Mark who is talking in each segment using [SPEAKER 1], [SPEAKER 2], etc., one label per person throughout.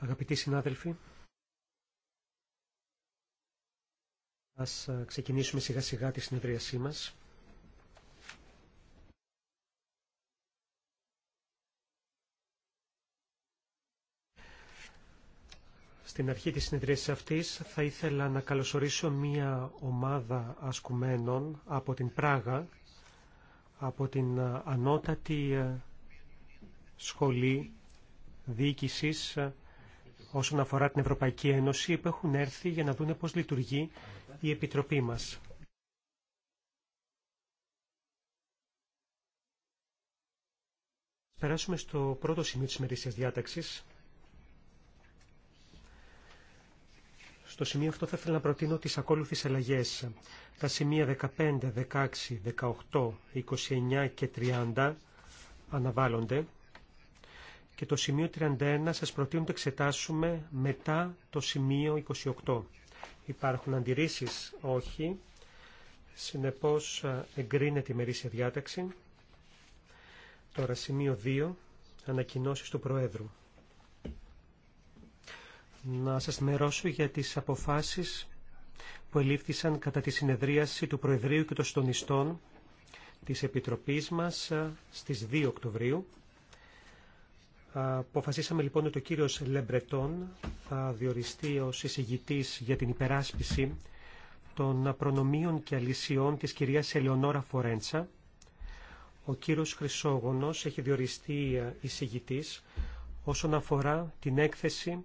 [SPEAKER 1] Αγαπητοί συνάδελφοι, ας ε, ξεκινήσουμε σιγά σιγά τη συνεδρίασή μας. Στην αρχή της συνεδρίας αυτής θα ήθελα να καλωσορίσω μία ομάδα ασκουμένων από την Πράγα, από την ε, ανώτατη ε, σχολή Διοίκηση ε, όσον αφορά την Ευρωπαϊκή Ένωση που έχουν έρθει για να δούνε πώς λειτουργεί η Επιτροπή μας. Περάσουμε στο πρώτο σημείο της μερίσιας διάταξης. Στο σημείο αυτό θα ήθελα να προτείνω τις ακόλουθες αλλαγές. Τα σημεία 15, 16, 18, 29 και 30 αναβάλλονται και το σημείο 31 σας προτείνω να εξετάσουμε μετά το σημείο 28. Υπάρχουν αντιρρήσεις, όχι. Συνεπώς εγκρίνεται η μερίσια διάταξη. Τώρα σημείο 2, ανακοινώσεις του Προέδρου. Να σας μερώσω για τις αποφάσεις που ελήφθησαν κατά τη συνεδρίαση του Προεδρείου και των Στονιστών της Επιτροπής μας στις 2 Οκτωβρίου. Αποφασίσαμε λοιπόν ότι ο κύριος Λεμπρετών θα διοριστεί ως εισηγητής για την υπεράσπιση των προνομίων και αλυσιών της κυρίας Ελεονόρα Φορέντσα. Ο κύριος Χρυσόγονος έχει διοριστεί ε, εισηγητής όσον αφορά την έκθεση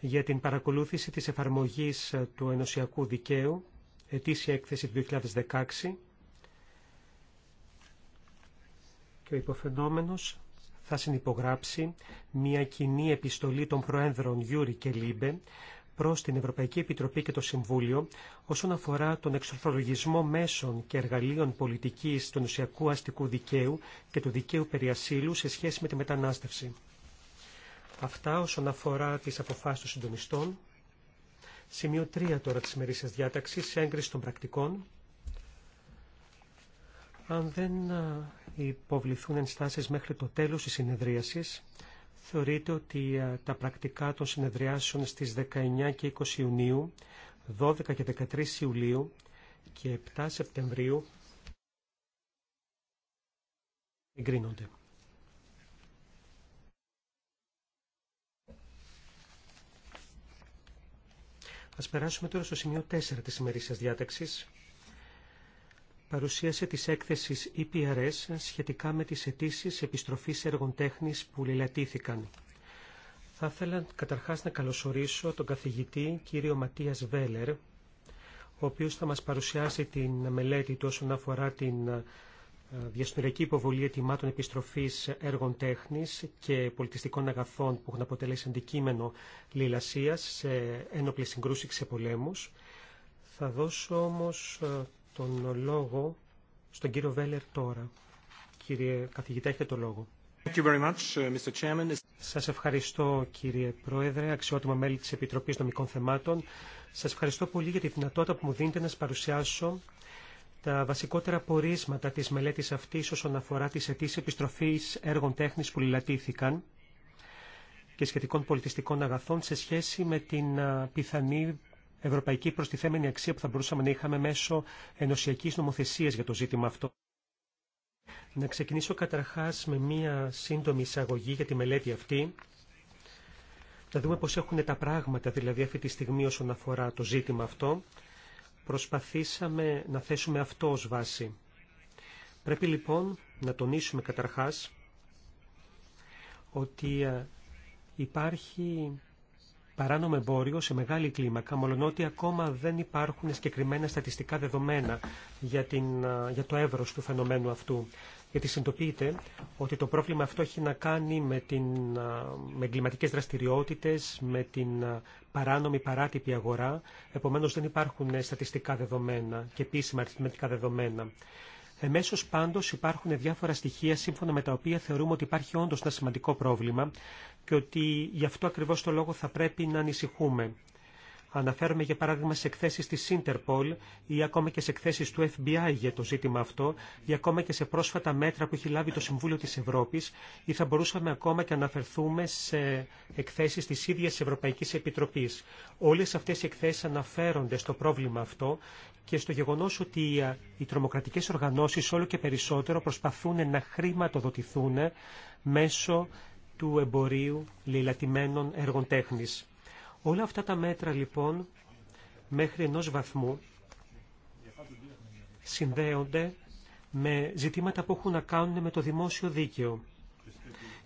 [SPEAKER 1] για την παρακολούθηση της εφαρμογής ε, του ενωσιακού δικαίου, ετήσια έκθεση του 2016. Και ο υποφαινόμενος θα συνυπογράψει μια κοινή επιστολή των Προέδρων Γιούρι και Λίμπε προς την Ευρωπαϊκή Επιτροπή και το Συμβούλιο όσον αφορά τον εξορθολογισμό μέσων και εργαλείων πολιτικής του νοσιακού αστικού δικαίου και του δικαίου περιασύλου σε σχέση με τη μετανάστευση. Αυτά όσον αφορά τις αποφάσεις των συντονιστών. Σημείο 3 τώρα της ημερήσιας διάταξης, έγκριση των πρακτικών υποβληθούν ενστάσεις μέχρι το τέλος της συνεδρίασης, θεωρείται ότι ε, τα πρακτικά των συνεδριάσεων στις 19 και 20 Ιουνίου, 12 και 13 Ιουλίου και 7 Σεπτεμβρίου εγκρίνονται. Ας περάσουμε τώρα στο σημείο 4 της ημερήσιας διάταξης παρουσίασε τις έκθεσεις EPRS σχετικά με τις αιτήσει επιστροφής έργων τέχνης που ληλατήθηκαν. Θα ήθελα καταρχάς να καλωσορίσω τον καθηγητή κύριο Ματίας Βέλερ, ο οποίος θα μας παρουσιάσει την μελέτη του όσον αφορά την ε, διασυνοριακή υποβολή ετοιμάτων επιστροφής έργων τέχνης και πολιτιστικών αγαθών που έχουν αποτελέσει αντικείμενο λιλασίας σε ένοπλες συγκρούσεις σε πολέμους. Θα δώσω όμως ε, τον λόγο στον κύριο Βέλερ τώρα. Κύριε καθηγητά, έχετε το λόγο. Thank uh, Σας ευχαριστώ κύριε Πρόεδρε, αξιότιμα μέλη της Επιτροπής Νομικών Θεμάτων. Σας ευχαριστώ πολύ για τη δυνατότητα που μου δίνετε να σας παρουσιάσω τα βασικότερα πορίσματα της μελέτης αυτής όσον αφορά τις αιτήσεις επιστροφής έργων τέχνης που λιλατήθηκαν και σχετικών πολιτιστικών αγαθών σε σχέση με την πιθανή ευρωπαϊκή προστιθέμενη αξία που θα μπορούσαμε να είχαμε μέσω ενωσιακή νομοθεσίας για το ζήτημα αυτό. Να ξεκινήσω καταρχάς με μία σύντομη εισαγωγή για τη μελέτη αυτή. Να δούμε πώς έχουν τα πράγματα δηλαδή αυτή τη στιγμή όσον αφορά το ζήτημα αυτό. Προσπαθήσαμε να θέσουμε αυτό ως βάση. Πρέπει λοιπόν να τονίσουμε καταρχάς ότι υπάρχει παράνομο εμπόριο σε μεγάλη κλίμακα, μολονότι ακόμα δεν υπάρχουν συγκεκριμένα στατιστικά δεδομένα για, την, για το εύρος του φαινομένου αυτού. Γιατί συνειδητοποιείται ότι το πρόβλημα αυτό έχει να κάνει με, την, με εγκληματικές δραστηριότητες, με την παράνομη παράτυπη αγορά, επομένως δεν υπάρχουν στατιστικά δεδομένα και επίσημα αριθμητικά δεδομένα. Εμέσω πάντω υπάρχουν διάφορα στοιχεία σύμφωνα με τα οποία θεωρούμε ότι υπάρχει όντω ένα σημαντικό πρόβλημα και ότι γι' αυτό ακριβώ το λόγο θα πρέπει να ανησυχούμε. Αναφέρομαι για παράδειγμα σε εκθέσεις της Interpol ή ακόμα και σε εκθέσεις του FBI για το ζήτημα αυτό ή ακόμα και σε πρόσφατα μέτρα που έχει λάβει το Συμβούλιο της Ευρώπης ή θα μπορούσαμε ακόμα και αναφερθούμε σε εκθέσεις της ίδιας Ευρωπαϊκής Επιτροπής. Όλες αυτές οι εκθέσεις αναφέρονται στο πρόβλημα αυτό και στο γεγονός ότι ε, οι τρομοκρατικές οργανώσεις όλο και περισσότερο προσπαθούν να χρηματοδοτηθούν μέσω του εμπορίου λιλατημένων έργων τέχνης. Όλα αυτά τα μέτρα λοιπόν μέχρι ενός βαθμού συνδέονται με ζητήματα που έχουν να κάνουν με το δημόσιο δίκαιο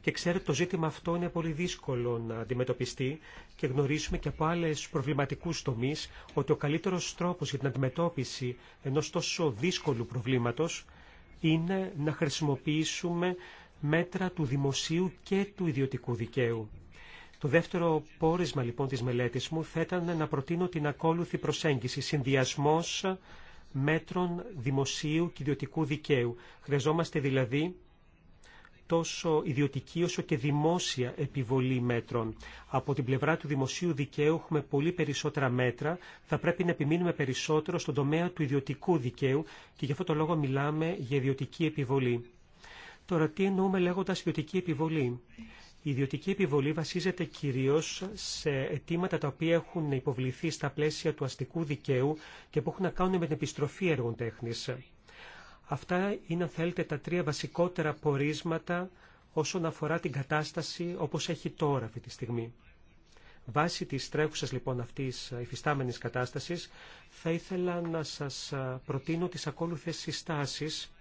[SPEAKER 1] και ξέρετε το ζήτημα αυτό είναι πολύ δύσκολο να αντιμετωπιστεί και γνωρίζουμε και από άλλες προβληματικούς τομεί ότι ο καλύτερος τρόπος για την αντιμετώπιση ενός τόσο δύσκολου προβλήματος είναι να χρησιμοποιήσουμε μέτρα του δημοσίου και του ιδιωτικού δικαίου. Το δεύτερο πόρισμα λοιπόν της μελέτης μου θα ήταν να προτείνω την ακόλουθη προσέγγιση, συνδυασμός μέτρων δημοσίου και ιδιωτικού δικαίου. Χρειαζόμαστε δηλαδή τόσο ιδιωτική όσο και δημόσια επιβολή μέτρων. Από την πλευρά του δημοσίου δικαίου έχουμε πολύ περισσότερα μέτρα. Θα πρέπει να επιμείνουμε περισσότερο στον τομέα του ιδιωτικού δικαίου και γι' αυτό το λόγο μιλάμε για ιδιωτική επιβολή. Τώρα τι εννοούμε λέγοντας ιδιωτική επιβολή. Η ιδιωτική επιβολή βασίζεται κυρίως σε αιτήματα τα οποία έχουν υποβληθεί στα πλαίσια του αστικού δικαίου και που έχουν να κάνουν με την επιστροφή έργων τέχνης. Αυτά είναι, αν θέλετε, τα τρία βασικότερα πορίσματα όσον αφορά την κατάσταση όπως έχει τώρα αυτή τη στιγμή. Βάσει της τρέχουσας λοιπόν αυτής υφιστάμενης κατάστασης, θα ήθελα να σας προτείνω τις ακόλουθες συστάσεις.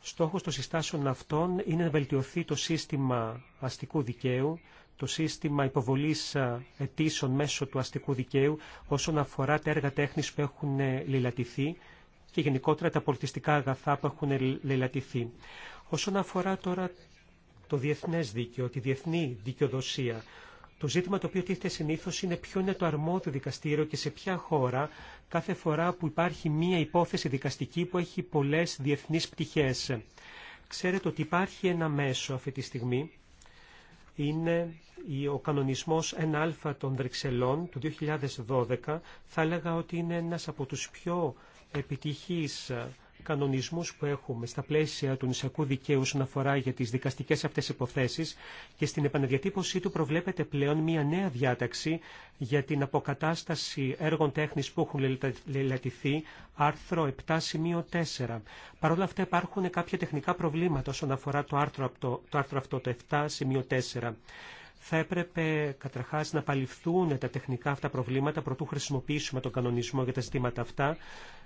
[SPEAKER 1] Στόχος των συστάσεων αυτών είναι να βελτιωθεί το σύστημα αστικού δικαίου, το σύστημα υποβολής αιτήσεων μέσω του αστικού δικαίου όσον αφορά τα έργα τέχνης που έχουν ληλατηθεί και γενικότερα τα πολιτιστικά αγαθά που έχουν λελατηθεί. Όσον αφορά τώρα το διεθνές δίκαιο, τη διεθνή δικαιοδοσία, το ζήτημα το οποίο τίθεται συνήθω είναι ποιο είναι το αρμόδιο δικαστήριο και σε ποια χώρα κάθε φορά που υπάρχει μία υπόθεση δικαστική που έχει πολλές διεθνεί πτυχές. Ξέρετε ότι υπάρχει ένα μέσο αυτή τη στιγμή. Είναι ο κανονισμός 1α των Βρυξελών του 2012. Θα έλεγα ότι είναι ένας από τους πιο επιτυχείς ε, κανονισμούς που έχουμε στα πλαίσια του νησιακού δικαίου όσον αφορά για τις δικαστικές αυτές υποθέσεις και στην επαναδιατύπωσή του προβλέπεται πλέον μια νέα διάταξη για την αποκατάσταση έργων τέχνης που έχουν λελατηθεί, άρθρο 7 σημείο 4. Παρ' όλα αυτά υπάρχουν κάποια τεχνικά προβλήματα όσον αφορά το άρθρο, το, το άρθρο αυτό, το θα έπρεπε καταρχά να παληφθούν τα τεχνικά αυτά προβλήματα προτού χρησιμοποιήσουμε τον κανονισμό για τα ζητήματα αυτά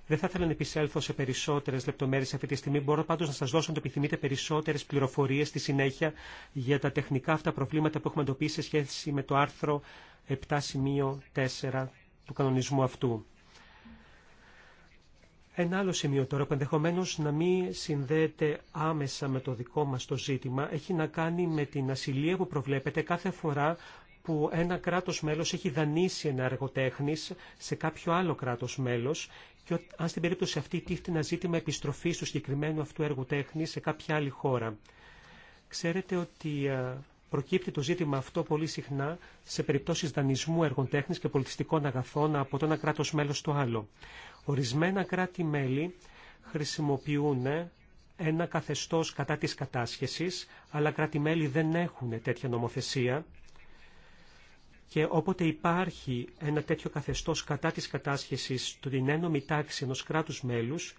[SPEAKER 1] δεν θα ήθελα να επισέλθω σε περισσότερε λεπτομέρειε αυτή τη στιγμή. Μπορώ πάντω να σα δώσω, αν το επιθυμείτε, περισσότερε πληροφορίε στη συνέχεια για τα τεχνικά αυτά προβλήματα που έχουμε εντοπίσει σε σχέση με το άρθρο 7.4 του κανονισμού αυτού. Ένα άλλο σημείο τώρα που ενδεχομένω να μην συνδέεται άμεσα με το δικό μα το ζήτημα έχει να κάνει με την ασυλία που προβλέπεται κάθε φορά που ένα κράτος μέλος έχει δανείσει ένα εργοτέχνης σε κάποιο άλλο κράτος μέλος και αν στην περίπτωση αυτή τίθεται ένα ζήτημα επιστροφής του συγκεκριμένου αυτού έργου τέχνης σε κάποια άλλη χώρα. Ξέρετε ότι ε, προκύπτει το ζήτημα αυτό πολύ συχνά σε περιπτώσει δανεισμού έργων τέχνης και πολιτιστικών αγαθών από το ένα κράτο μέλος στο άλλο. Ορισμένα κράτη-μέλη χρησιμοποιούν ένα καθεστώς κατά της κατάσχεσης, αλλά κράτη-μέλη δεν έχουν τέτοια νομοθεσία και όποτε υπάρχει ένα τέτοιο καθεστώς κατά της κατάσχεσης του την ένωμη τάξη ενός κράτους μέλους,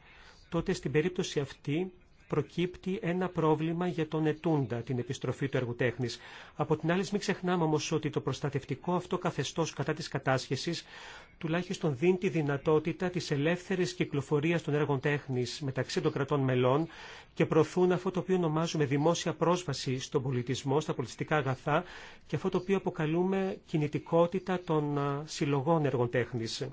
[SPEAKER 1] τότε στην περίπτωση αυτή προκύπτει ένα πρόβλημα για τον ετούντα, την επιστροφή του εργοτέχνης. Από την άλλη, μην ξεχνάμε όμως ότι το προστατευτικό αυτό καθεστώς κατά της κατάσχεσης τουλάχιστον δίνει τη δυνατότητα της ελεύθερης κυκλοφορίας των έργων τέχνης μεταξύ των κρατών μελών και προωθούν αυτό το οποίο ονομάζουμε δημόσια πρόσβαση στον πολιτισμό, στα πολιτιστικά αγαθά και αυτό το οποίο αποκαλούμε κινητικότητα των συλλογών έργων τέχνης.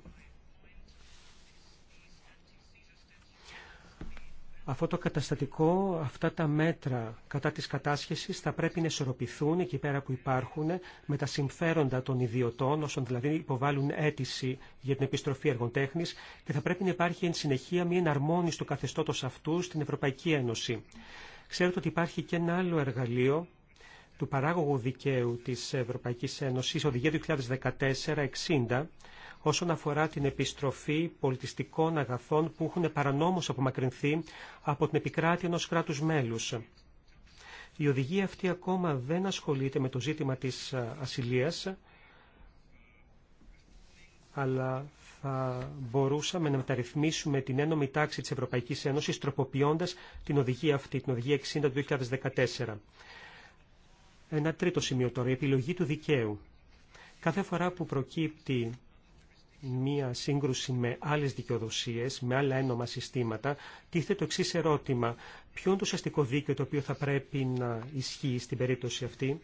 [SPEAKER 1] αυτό το καταστατικό, αυτά τα μέτρα κατά της κατάσχεσης θα πρέπει να ισορροπηθούν εκεί πέρα που υπάρχουν με τα συμφέροντα των ιδιωτών όσων δηλαδή υποβάλλουν αίτηση για την επιστροφή τέχνης και θα πρέπει να υπάρχει εν συνεχεία μια εναρμόνιση του καθεστώτος αυτού στην Ευρωπαϊκή Ένωση. Ξέρετε ότι υπάρχει και ένα άλλο εργαλείο του παράγωγου δικαίου της Ευρωπαϊκής Ένωσης, οδηγία 2014-60, όσον αφορά την επιστροφή πολιτιστικών αγαθών που έχουν παρανόμως απομακρυνθεί από την επικράτεια ενός κράτους μέλους. Η οδηγία αυτή ακόμα δεν ασχολείται με το ζήτημα της ε, ασυλίας, αλλά θα μπορούσαμε να μεταρρυθμίσουμε την ένωμη τάξη της Ευρωπαϊκής Ένωσης τροποποιώντας την οδηγία αυτή, την οδηγία 60 του 2014. Ένα τρίτο σημείο τώρα, η επιλογή του δικαίου. Κάθε φορά που προκύπτει μία σύγκρουση με άλλες δικαιοδοσίες, με άλλα ένομα συστήματα, τίθεται το εξή ερώτημα. Ποιο είναι το ουσιαστικό δίκαιο το οποίο θα πρέπει να ισχύει στην περίπτωση αυτή.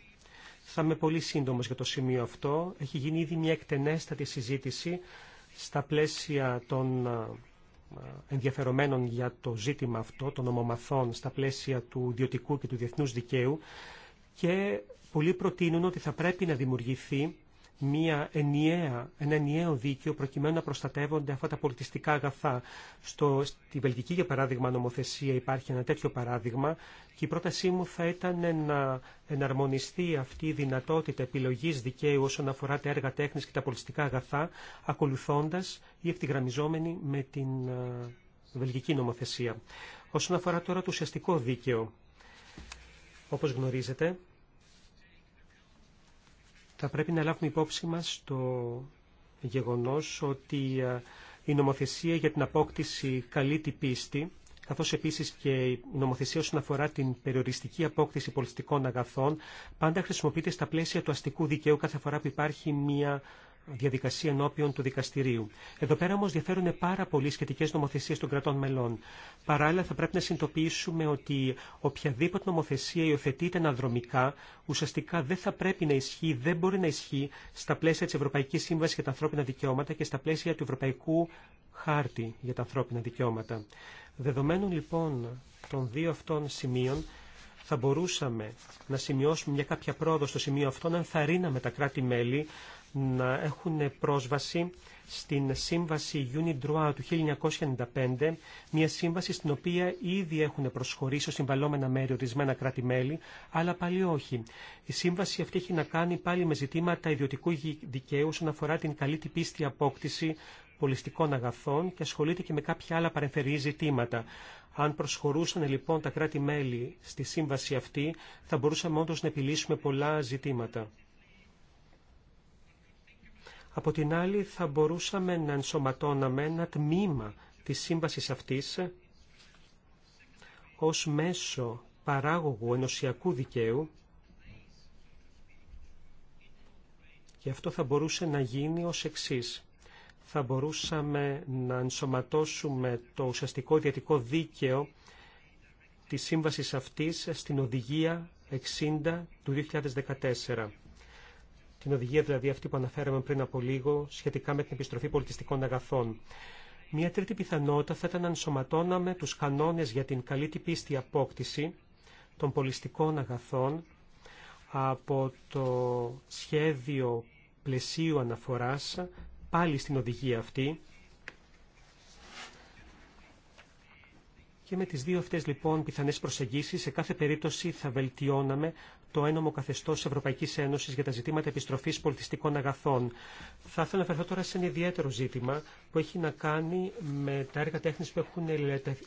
[SPEAKER 1] Θα είμαι πολύ σύντομος για το σημείο αυτό. Έχει γίνει ήδη μια εκτενέστατη συζήτηση στα πλαίσια των ενδιαφερομένων για το ζήτημα αυτό, των ομομαθών, στα πλαίσια του ιδιωτικού και του διεθνούς δικαίου και πολλοί προτείνουν ότι θα πρέπει να δημιουργηθεί μια ενιαία, ένα ενιαίο δίκαιο προκειμένου να προστατεύονται αυτά τα πολιτιστικά αγαθά. Στο, στη Βελγική, για παράδειγμα, νομοθεσία υπάρχει ένα τέτοιο παράδειγμα και η πρότασή μου θα ήταν να εναρμονιστεί αυτή η δυνατότητα επιλογής δικαίου όσον αφορά τα έργα τέχνης και τα πολιτιστικά αγαθά, ακολουθώντας ή ευθυγραμμιζόμενη με την βελγική νομοθεσία. Όσον αφορά τώρα το ουσιαστικό δίκαιο, όπως γνωρίζετε, θα πρέπει να λάβουμε υπόψη μας το γεγονός ότι η νομοθεσία για την απόκτηση καλή την πίστη, καθώς επίσης και η νομοθεσία όσον αφορά την περιοριστική απόκτηση πολιτικών αγαθών, πάντα χρησιμοποιείται στα πλαίσια του αστικού δικαίου κάθε φορά που υπάρχει μια διαδικασία ενώπιον του δικαστηρίου. Εδώ πέρα όμω διαφέρουν πάρα πολλοί σχετικέ νομοθεσίε των κρατών μελών. Παράλληλα, θα πρέπει να συνειδητοποιήσουμε ότι οποιαδήποτε νομοθεσία υιοθετείται αναδρομικά, ουσιαστικά δεν θα πρέπει να ισχύει, δεν μπορεί να ισχύει στα πλαίσια τη Ευρωπαϊκή Σύμβαση για τα Ανθρώπινα Δικαιώματα και στα πλαίσια του Ευρωπαϊκού Χάρτη για τα Ανθρώπινα Δικαιώματα. Δεδομένων λοιπόν των δύο αυτών σημείων, θα μπορούσαμε να σημειώσουμε μια κάποια πρόοδο στο σημείο αυτό, αν θα ρίναμε τα κράτη-μέλη να έχουν πρόσβαση στην σύμβαση UNIDROIT του 1995, μια σύμβαση στην οποία ήδη έχουν προσχωρήσει ως συμβαλόμενα μέρη ορισμένα κράτη-μέλη, αλλά πάλι όχι. Η σύμβαση αυτή έχει να κάνει πάλι με ζητήματα ιδιωτικού δικαίου όσον αφορά την καλή τυπίστη απόκτηση πολιστικών αγαθών και ασχολείται και με κάποια άλλα παρεμφερή ζητήματα. Αν προσχωρούσαν λοιπόν τα κράτη-μέλη στη σύμβαση αυτή, θα μπορούσαμε όντω να επιλύσουμε πολλά ζητήματα. Από την άλλη θα μπορούσαμε να ενσωματώναμε ένα τμήμα της σύμβασης αυτής ως μέσο παράγωγου ενωσιακού δικαίου και αυτό θα μπορούσε να γίνει ως εξής. Θα μπορούσαμε να ενσωματώσουμε το ουσιαστικό ιδιωτικό δίκαιο της σύμβασης αυτής στην οδηγία 60 του 2014 την οδηγία δηλαδή αυτή που αναφέραμε πριν από λίγο σχετικά με την επιστροφή πολιτιστικών αγαθών. Μία τρίτη πιθανότητα θα ήταν να ενσωματώναμε τους κανόνες για την καλή την πίστη απόκτηση των πολιστικών αγαθών από το σχέδιο πλαισίου αναφοράς πάλι στην οδηγία αυτή Και με τις δύο αυτές λοιπόν πιθανές προσεγγίσεις σε κάθε περίπτωση θα βελτιώναμε το ένομο καθεστώ Ευρωπαϊκή Ένωση για τα ζητήματα επιστροφή πολιτιστικών αγαθών. Θα ήθελα να αναφερθώ τώρα σε ένα ιδιαίτερο ζήτημα που έχει να κάνει με τα έργα τέχνη που έχουν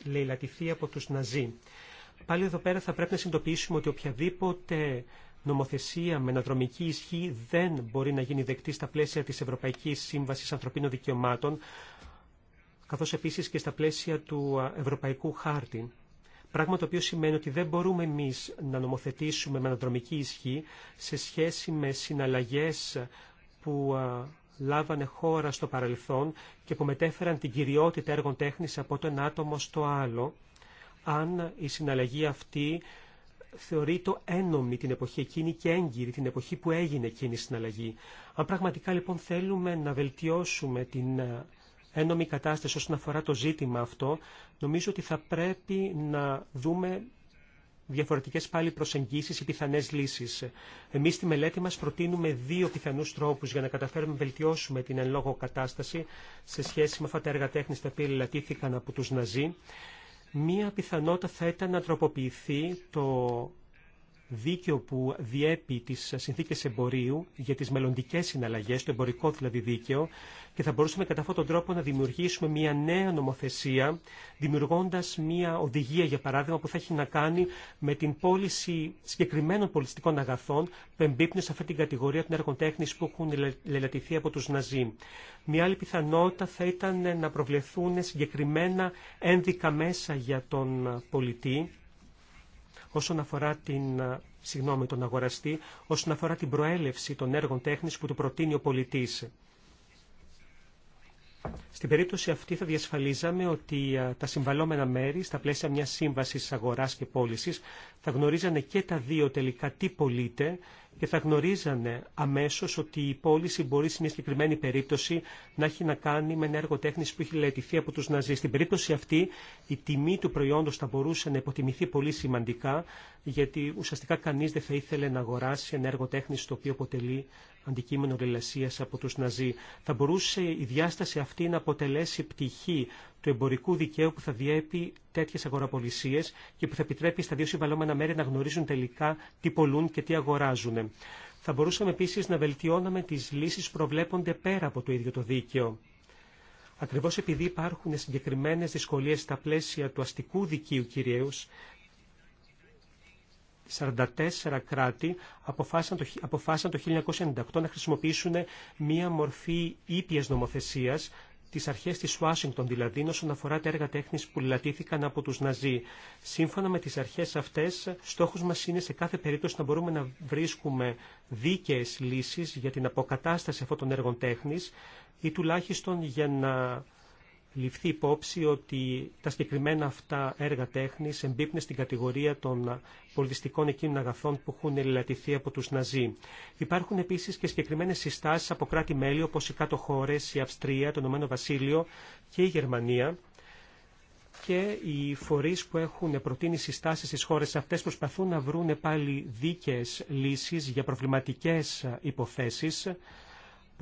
[SPEAKER 1] λαιλατηθεί από του Ναζί. Πάλι εδώ πέρα θα πρέπει να συνειδητοποιήσουμε ότι οποιαδήποτε νομοθεσία με αναδρομική ισχύ δεν μπορεί να γίνει δεκτή στα πλαίσια τη Ευρωπαϊκή Σύμβαση Ανθρωπίνων Δικαιωμάτων, καθώς επίσης και στα πλαίσια του Ευρωπαϊκού Χάρτη. Πράγμα το οποίο σημαίνει ότι δεν μπορούμε εμείς να νομοθετήσουμε με αναδρομική ισχύ σε σχέση με συναλλαγές που λάβανε χώρα στο παρελθόν και που μετέφεραν την κυριότητα έργων τέχνης από το ένα άτομο στο άλλο, αν η συναλλαγή αυτή θεωρεί το ένομη την εποχή εκείνη και έγκυρη την εποχή που έγινε εκείνη η συναλλαγή. Αν πραγματικά λοιπόν θέλουμε να βελτιώσουμε την ένομη κατάσταση όσον αφορά το ζήτημα αυτό, νομίζω ότι θα πρέπει να δούμε διαφορετικές πάλι προσεγγίσεις ή πιθανές λύσεις. Εμείς στη μελέτη μας προτείνουμε δύο πιθανούς τρόπους για να καταφέρουμε να βελτιώσουμε την εν λόγω κατάσταση σε σχέση με αυτά τα έργα τέχνης τα οποία λατήθηκαν από τους Ναζί. Μία πιθανότητα θα ήταν να τροποποιηθεί το δίκαιο που διέπει τις συνθήκες εμπορίου για τις μελλοντικέ συναλλαγές, το εμπορικό δηλαδή δίκαιο, και θα μπορούσαμε κατά αυτόν τον τρόπο να δημιουργήσουμε μια νέα νομοθεσία, δημιουργώντας μια οδηγία, για παράδειγμα, που θα έχει να κάνει με την πώληση συγκεκριμένων πολιτιστικών αγαθών που εμπίπτουν σε αυτή την κατηγορία των έργων τέχνης που έχουν λελατηθεί από τους Ναζί. Μια άλλη πιθανότητα θα ήταν να προβλεφθούν συγκεκριμένα ένδικα μέσα για τον πολιτή, όσον αφορά την, συγγνώμη, τον αγοραστή, όσον αφορά την προέλευση των έργων τέχνης που του προτείνει ο πολιτής. Στην περίπτωση αυτή θα διασφαλίζαμε ότι τα συμβαλόμενα μέρη στα πλαίσια μιας σύμβασης αγοράς και πώλησης θα γνωρίζανε και τα δύο τελικά τι πωλείται και θα γνωρίζανε αμέσως ότι η πώληση μπορεί σε μια συγκεκριμένη περίπτωση να έχει να κάνει με ένα έργο τέχνης που έχει λαιτηθεί από τους Ναζί. Στην περίπτωση αυτή η τιμή του προϊόντος θα μπορούσε να υποτιμηθεί πολύ σημαντικά γιατί ουσιαστικά κανείς δεν θα ήθελε να αγοράσει ένα έργο τέχνης το οποίο αποτελεί αντικείμενο λελασία από τους Ναζί. Θα μπορούσε η διάσταση αυτή να αποτελέσει πτυχή του εμπορικού δικαίου που θα διέπει τέτοιε αγοραπολισίε και που θα επιτρέπει στα δύο συμβαλόμενα μέρη να γνωρίζουν τελικά τι πολλούν και τι αγοράζουν. Θα μπορούσαμε επίση να βελτιώναμε τι λύσει που προβλέπονται πέρα από το ίδιο το δίκαιο. Ακριβώ επειδή υπάρχουν συγκεκριμένε δυσκολίε στα πλαίσια του αστικού δικαίου κυρίω, 44 κράτη αποφάσισαν το, αποφάσισαν το 1998 να χρησιμοποιήσουν μία μορφή ήπιας νομοθεσίας τις αρχές της Ουάσιγκτον, δηλαδή όσον αφορά τα έργα τέχνη που λατήθηκαν από τους Ναζί. Σύμφωνα με τις αρχές αυτές, στόχος μας είναι σε κάθε περίπτωση να μπορούμε να βρίσκουμε δίκαιες λύσεις για την αποκατάσταση αυτών των έργων τέχνης ή τουλάχιστον για να ληφθεί υπόψη ότι τα συγκεκριμένα αυτά έργα τέχνης εμπίπνε στην κατηγορία των πολιτιστικών εκείνων αγαθών που έχουν ελληλατηθεί από τους Ναζί. Υπάρχουν επίσης και συγκεκριμένες συστάσεις από κράτη-μέλη όπως οι κάτω χώρες, η Αυστρία, το Ηνωμένο Βασίλειο και η Γερμανία και οι φορεί που έχουν προτείνει συστάσει στι χώρε αυτέ προσπαθούν να βρουν πάλι δίκαιε λύσει για προβληματικέ υποθέσει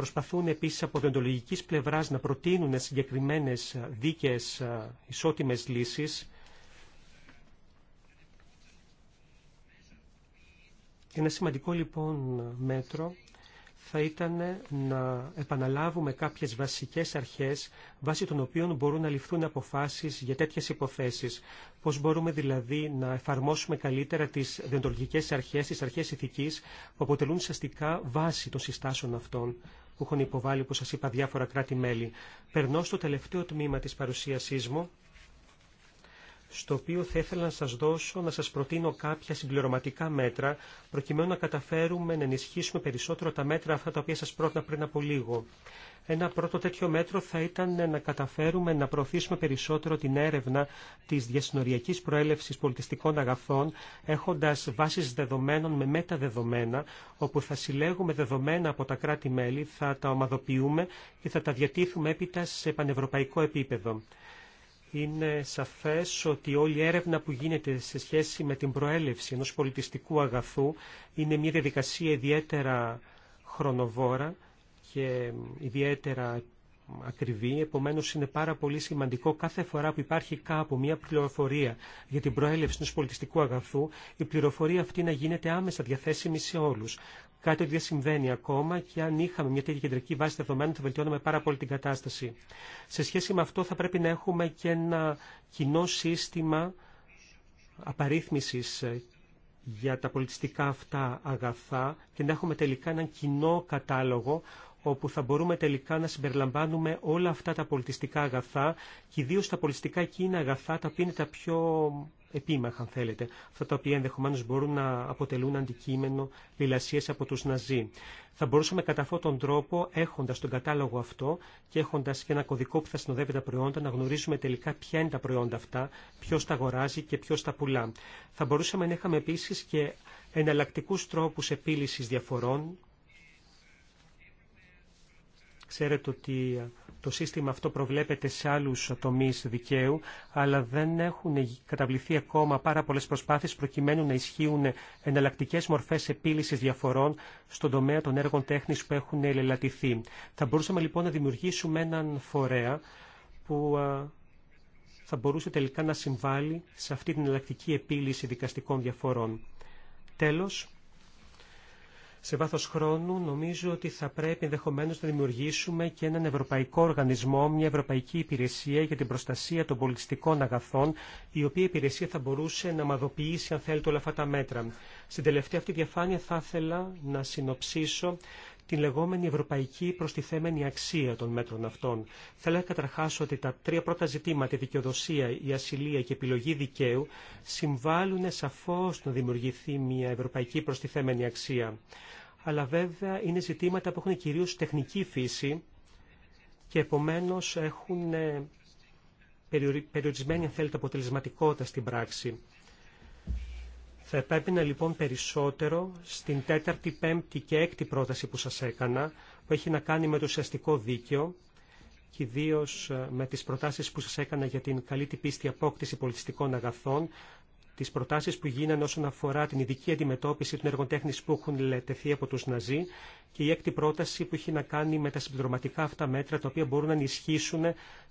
[SPEAKER 1] προσπαθούν επίσης από δεντολογικής πλευράς να προτείνουν συγκεκριμένες δίκαιες ε, ισότιμες λύσεις. Ένα σημαντικό λοιπόν μέτρο θα ήταν να επαναλάβουμε κάποιες βασικές αρχές βάσει των οποίων μπορούν να ληφθούν αποφάσεις για τέτοιες υποθέσεις. Πώς μπορούμε δηλαδή να εφαρμόσουμε καλύτερα τις διοντολογικές αρχές, τις αρχές ηθικής που αποτελούν ουσιαστικά βάση των συστάσεων αυτών που έχουν υποβάλει, όπω σας είπα, διάφορα κράτη-μέλη. Περνώ στο τελευταίο τμήμα της παρουσίασή μου στο οποίο θα ήθελα να σας δώσω, να σας προτείνω κάποια συμπληρωματικά μέτρα, προκειμένου να καταφέρουμε να ενισχύσουμε περισσότερο τα μέτρα αυτά τα οποία σας πρότεινα πριν από λίγο. Ένα πρώτο τέτοιο μέτρο θα ήταν να καταφέρουμε να προωθήσουμε περισσότερο την έρευνα της διασυνοριακής προέλευσης πολιτιστικών αγαθών, έχοντας βάσεις δεδομένων με μεταδεδομένα, όπου θα συλλέγουμε δεδομένα από τα κράτη-μέλη, θα τα ομαδοποιούμε και θα τα διατίθουμε έπειτα σε πανευρωπαϊκό επίπεδο. Είναι σαφές ότι όλη η έρευνα που γίνεται σε σχέση με την προέλευση ενός πολιτιστικού αγαθού είναι μια διαδικασία ιδιαίτερα χρονοβόρα και ιδιαίτερα ακριβή, επομένως είναι πάρα πολύ σημαντικό κάθε φορά που υπάρχει κάπου μια πληροφορία για την προέλευση ενός πολιτιστικού αγαθού, η πληροφορία αυτή να γίνεται άμεσα διαθέσιμη σε όλους. Κάτι ότι δεν συμβαίνει ακόμα και αν είχαμε μια τέτοια κεντρική βάση δεδομένων θα βελτιώναμε πάρα πολύ την κατάσταση. Σε σχέση με αυτό θα πρέπει να έχουμε και ένα κοινό σύστημα απαρίθμησης ε, για τα πολιτιστικά αυτά αγαθά και να έχουμε τελικά έναν κοινό κατάλογο όπου θα μπορούμε τελικά να συμπεριλαμβάνουμε όλα αυτά τα πολιτιστικά αγαθά και ιδίω τα πολιτιστικά εκείνα αγαθά τα οποία είναι τα πιο επίμαχα, αν θέλετε. Αυτά τα οποία ενδεχομένω μπορούν να αποτελούν αντικείμενο λιλασίε από του Ναζί. Θα μπορούσαμε κατά αυτόν τον τρόπο, έχοντα τον κατάλογο αυτό και έχοντα και ένα κωδικό που θα συνοδεύει τα προϊόντα, να γνωρίσουμε τελικά ποια είναι τα προϊόντα αυτά, ποιο τα αγοράζει και ποιο τα πουλά. Θα μπορούσαμε να είχαμε επίση και εναλλακτικού τρόπου επίλυση διαφορών Ξέρετε ότι το σύστημα αυτό προβλέπεται σε άλλους τομείς δικαίου, αλλά δεν έχουν καταβληθεί ακόμα πάρα πολλές προσπάθειες προκειμένου να ισχύουν εναλλακτικέ μορφές επίλυσης διαφορών στον τομέα των έργων τέχνης που έχουν ελελατηθεί. Θα μπορούσαμε λοιπόν να δημιουργήσουμε έναν φορέα που θα μπορούσε τελικά να συμβάλλει σε αυτή την εναλλακτική επίλυση δικαστικών διαφορών. Τέλος, σε βάθος χρόνου νομίζω ότι θα πρέπει ενδεχομένω να δημιουργήσουμε και έναν ευρωπαϊκό οργανισμό, μια ευρωπαϊκή υπηρεσία για την προστασία των πολιτιστικών αγαθών, η οποία υπηρεσία θα μπορούσε να μαδοποιήσει αν θέλετε όλα αυτά τα μέτρα. Στην τελευταία αυτή διαφάνεια θα ήθελα να συνοψίσω την λεγόμενη ευρωπαϊκή προστιθέμενη αξία των μέτρων αυτών. Θα να καταρχά ότι τα τρία πρώτα ζητήματα, η δικαιοδοσία, η ασυλία και η επιλογή δικαίου, συμβάλλουν σαφώ να δημιουργηθεί μια ευρωπαϊκή προστιθέμενη αξία. Αλλά βέβαια είναι ζητήματα που έχουν κυρίω τεχνική φύση και επομένω έχουν ε, περιορισμένη αν θέλετε αποτελεσματικότητα στην πράξη. Θα επέπεινε λοιπόν περισσότερο στην τέταρτη, πέμπτη και έκτη πρόταση που σας έκανα, που έχει να κάνει με το ουσιαστικό δίκαιο και ιδίω ε, με τις προτάσεις που σας έκανα για την καλή πίστη απόκτηση πολιτιστικών αγαθών, τι προτάσει που γίνανε όσον αφορά την ειδική αντιμετώπιση των εργοτέχνης που έχουν τεθεί από του Ναζί και η έκτη πρόταση που έχει να κάνει με τα συμπληρωματικά αυτά μέτρα τα οποία μπορούν να ενισχύσουν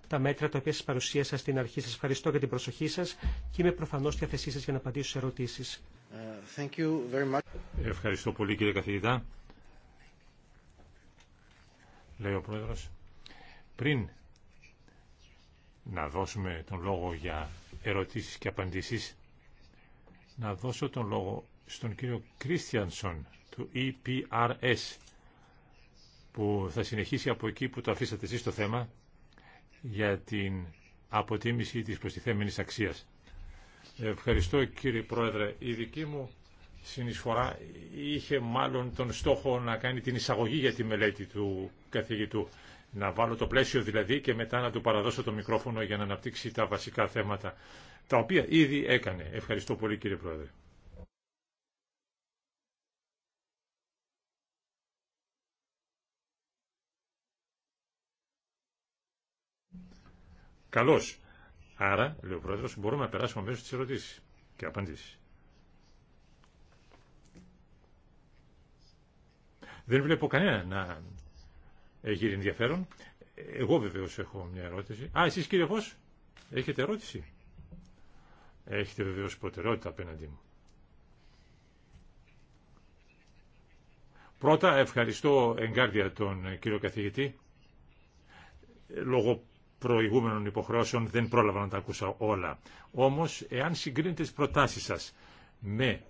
[SPEAKER 1] τα μέτρα τα οποία σα παρουσίασα στην αρχή. Σα ευχαριστώ για την προσοχή σα και είμαι προφανώς διαθεσή σα για να απαντήσω σε ερωτήσεις.
[SPEAKER 2] Ε, ευχαριστώ πολύ κύριε καθηγητά. Λέει ο Πριν να δώσουμε τον λόγο για ερωτήσεις και απαντήσεις να δώσω τον λόγο στον κύριο Κρίστιανσον του EPRS που θα συνεχίσει από εκεί που το αφήσατε εσείς το θέμα για την αποτίμηση της προστιθέμενης αξίας. Ευχαριστώ κύριε Πρόεδρε. Η δική μου συνεισφορά είχε μάλλον τον στόχο να κάνει την εισαγωγή για τη μελέτη του καθηγητού. Να βάλω το πλαίσιο δηλαδή και μετά να του παραδώσω το μικρόφωνο για να αναπτύξει τα βασικά θέματα τα οποία ήδη έκανε. Ευχαριστώ πολύ κύριε Πρόεδρε. Καλώς. Άρα, λέει ο Πρόεδρος, μπορούμε να περάσουμε μέσω της ερωτήσεις και απαντήσεις. Δεν βλέπω κανένα να γύρει ενδιαφέρον. Εγώ βεβαίως έχω μια ερώτηση. Α, εσείς κύριε Φως, έχετε ερώτηση. Έχετε βεβαίως προτεραιότητα απέναντί μου. Πρώτα ευχαριστώ εγκάρδια τον κύριο καθηγητή. Λόγω προηγούμενων υποχρεώσεων δεν πρόλαβα να τα ακούσα όλα. Όμως, εάν συγκρίνετε τις προτάσεις σας με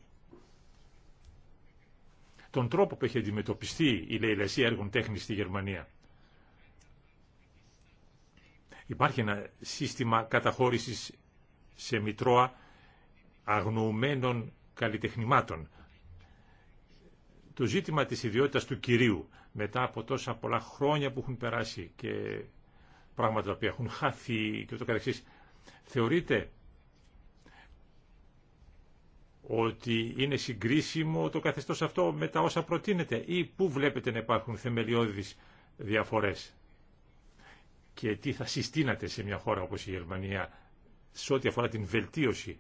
[SPEAKER 2] τον τρόπο που έχει αντιμετωπιστεί η λαϊλασία έργων τέχνης στη Γερμανία, υπάρχει ένα σύστημα καταχώρησης σε μητρώα αγνοωμένων καλλιτεχνημάτων. Το ζήτημα της ιδιότητας του κυρίου μετά από τόσα πολλά χρόνια που έχουν περάσει και πράγματα τα έχουν χάθει και ούτω καθεξής, θεωρείτε ότι είναι συγκρίσιμο το καθεστώς αυτό με τα όσα προτείνεται ή πού βλέπετε να υπάρχουν θεμελιώδεις διαφορές και τι θα συστήνατε σε μια χώρα όπως η Γερμανία σε ό,τι αφορά την βελτίωση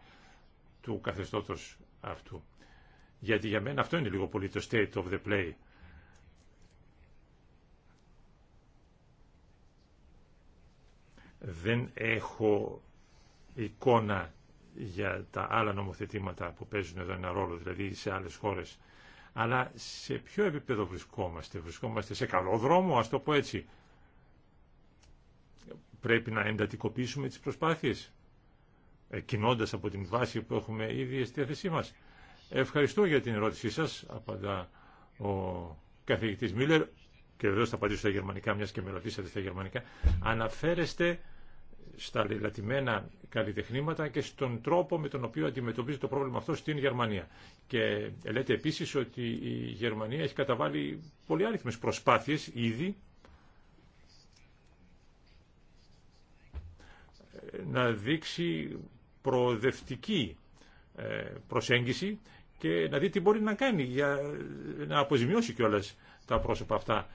[SPEAKER 2] του καθεστώτος αυτού. Γιατί για μένα αυτό είναι λίγο πολύ το state of the play. Δεν έχω εικόνα για τα άλλα νομοθετήματα που παίζουν εδώ ένα ρόλο, δηλαδή σε άλλες χώρες. Αλλά σε ποιο επίπεδο βρισκόμαστε. Βρισκόμαστε σε καλό δρόμο, ας το πω έτσι. Πρέπει να εντατικοποιήσουμε τις προσπάθειες. Ε, κινώντα από την βάση που έχουμε ήδη στη θέση μας. Ευχαριστώ για την ερώτησή σας, απαντά ο καθηγητής Μίλλερ, και βεβαίω θα απαντήσω στα γερμανικά, μια και με ρωτήσατε στα γερμανικά. Αναφέρεστε στα λατημένα καλλιτεχνήματα και στον τρόπο με τον οποίο αντιμετωπίζει το πρόβλημα αυτό στην Γερμανία. Και λέτε επίση ότι η Γερμανία έχει καταβάλει πολύ άριθμες προσπάθειες ήδη να δείξει προοδευτική ε, προσέγγιση και να δει τι μπορεί να κάνει για να αποζημιώσει κιόλα τα πρόσωπα αυτά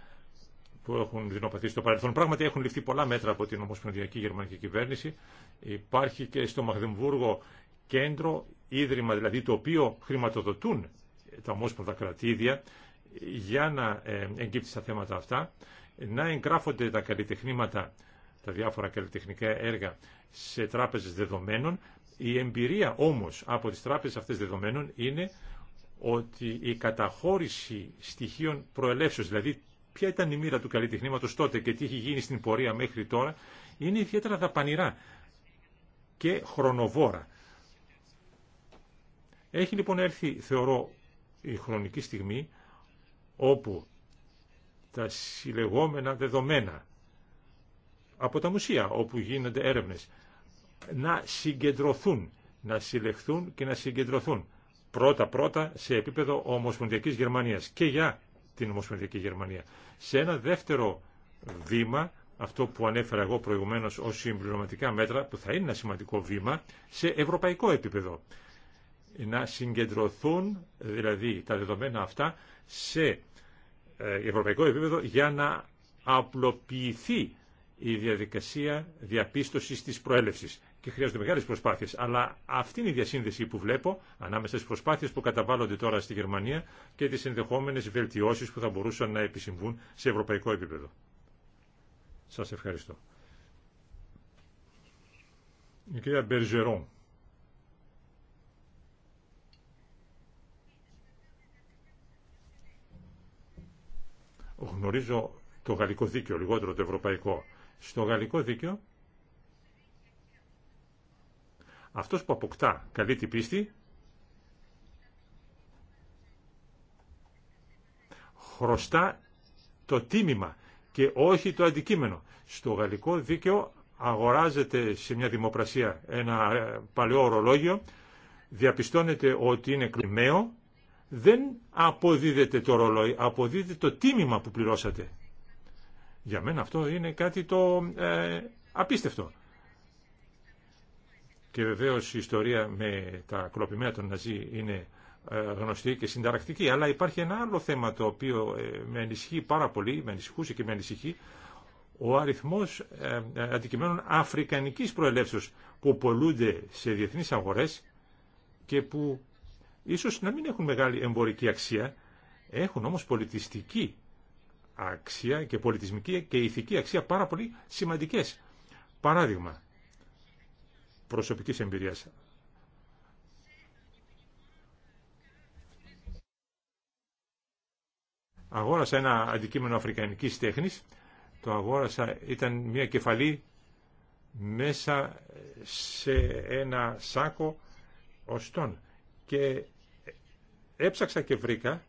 [SPEAKER 2] που έχουν δεινοπαθεί στο παρελθόν. Πράγματι έχουν ληφθεί πολλά μέτρα από την Ομοσπονδιακή Γερμανική Κυβέρνηση. Υπάρχει και στο Μαγδεμβούργο κέντρο, ίδρυμα δηλαδή το οποίο χρηματοδοτούν τα ομόσπονδα κρατήδια για να ε, εγκύπτει στα θέματα αυτά, να εγγράφονται τα καλλιτεχνήματα, τα διάφορα καλλιτεχνικά έργα σε τράπεζες δεδομένων η εμπειρία όμως από τις τράπεζες αυτές δεδομένων είναι ότι η καταχώρηση στοιχείων προελεύσεως, δηλαδή ποια ήταν η μοίρα του καλλιτεχνήματος τότε και τι έχει γίνει στην πορεία μέχρι τώρα, είναι ιδιαίτερα δαπανηρά και χρονοβόρα. Έχει λοιπόν έρθει, θεωρώ, η χρονική στιγμή όπου τα συλλεγόμενα δεδομένα από τα μουσεία όπου γίνονται έρευνες να συγκεντρωθούν, να συλλεχθούν και να συγκεντρωθούν. Πρώτα-πρώτα σε επίπεδο Ομοσπονδιακής Γερμανίας και για την Ομοσπονδιακή Γερμανία. Σε ένα δεύτερο βήμα, αυτό που ανέφερα εγώ προηγουμένως ως συμπληρωματικά μέτρα, που θα είναι ένα σημαντικό βήμα, σε ευρωπαϊκό επίπεδο. Να συγκεντρωθούν δηλαδή τα δεδομένα αυτά σε ε, ευρωπαϊκό επίπεδο για να απλοποιηθεί η διαδικασία διαπίστωσης της προέλευσης και χρειάζονται μεγάλε προσπάθειε. Αλλά αυτή είναι η διασύνδεση που βλέπω ανάμεσα στι προσπάθειε που καταβάλλονται τώρα στη Γερμανία και τι ενδεχόμενε βελτιώσει που θα μπορούσαν να επισυμβούν σε ευρωπαϊκό επίπεδο. Σα ευχαριστώ. Η κυρία Μπερζερόν. Γνωρίζω το γαλλικό δίκαιο, λιγότερο το ευρωπαϊκό. Στο γαλλικό δίκαιο αυτός που αποκτά καλή την πίστη, χρωστά το τίμημα και όχι το αντικείμενο. Στο γαλλικό δίκαιο αγοράζεται σε μια δημοπρασία ένα ε, παλαιό ορολόγιο, διαπιστώνεται ότι είναι κλιμαίο, δεν αποδίδεται το ρολόι, αποδίδεται το τίμημα που πληρώσατε. Για μένα αυτό είναι κάτι το ε, απίστευτο. Και βεβαίω η ιστορία με τα κλοπημένα των Ναζί είναι ε, γνωστή και συνταρακτική. Αλλά υπάρχει ένα άλλο θέμα το οποίο ε, με ανησυχεί πάρα πολύ, με ανησυχούσε και με ανησυχεί, ο αριθμός ε, αντικειμένων αφρικανικής προελεύσεως που πολλούνται σε διεθνείς αγορές και που ίσως να μην έχουν μεγάλη εμπορική αξία, έχουν όμως πολιτιστική αξία και πολιτισμική και ηθική αξία πάρα πολύ σημαντικές. Παράδειγμα, προσωπικής εμπειρίας. Αγόρασα ένα αντικείμενο αφρικανικής τέχνης. Το αγόρασα, ήταν μια κεφαλή μέσα σε ένα σάκο οστών. Και έψαξα και βρήκα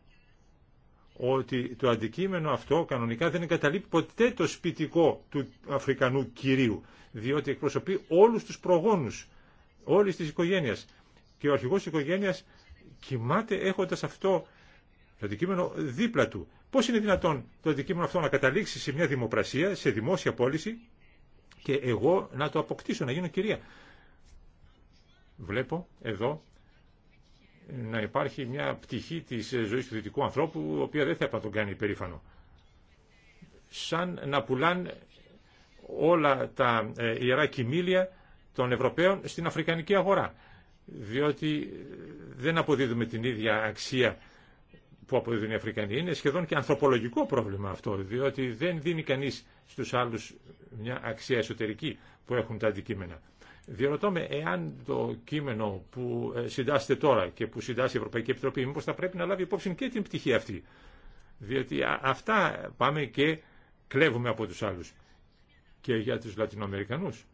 [SPEAKER 2] ότι το αντικείμενο αυτό κανονικά δεν εγκαταλείπει ποτέ το σπιτικό του Αφρικανού κυρίου, διότι εκπροσωπεί όλους τους προγόνους, όλης της οικογένειας. Και ο αρχηγός της οικογένειας κοιμάται έχοντας αυτό το αντικείμενο δίπλα του. Πώς είναι δυνατόν το αντικείμενο αυτό να καταλήξει σε μια δημοπρασία, σε δημόσια πώληση και εγώ να το αποκτήσω, να γίνω κυρία. Βλέπω εδώ να υπάρχει μια πτυχή της ζωής του δυτικού ανθρώπου, η οποία δεν θα τον κάνει υπερήφανο. Σαν να πουλάν όλα τα ε, ιερά κοιμήλια των Ευρωπαίων στην Αφρικανική αγορά. Διότι δεν αποδίδουμε την ίδια αξία που αποδίδουν οι Αφρικανοί. Είναι σχεδόν και ανθρωπολογικό πρόβλημα αυτό, διότι δεν δίνει κανείς στους άλλους μια αξία εσωτερική που έχουν τα αντικείμενα. Διερωτώ με, εάν το κείμενο που ε, συντάσσεται τώρα και που συντάσσει η Ευρωπαϊκή Επιτροπή, μήπως θα πρέπει να λάβει υπόψη και την πτυχή αυτή. Διότι αυτά πάμε και κλέβουμε από τους άλλους. Και για τους Λατινοαμερικανούς,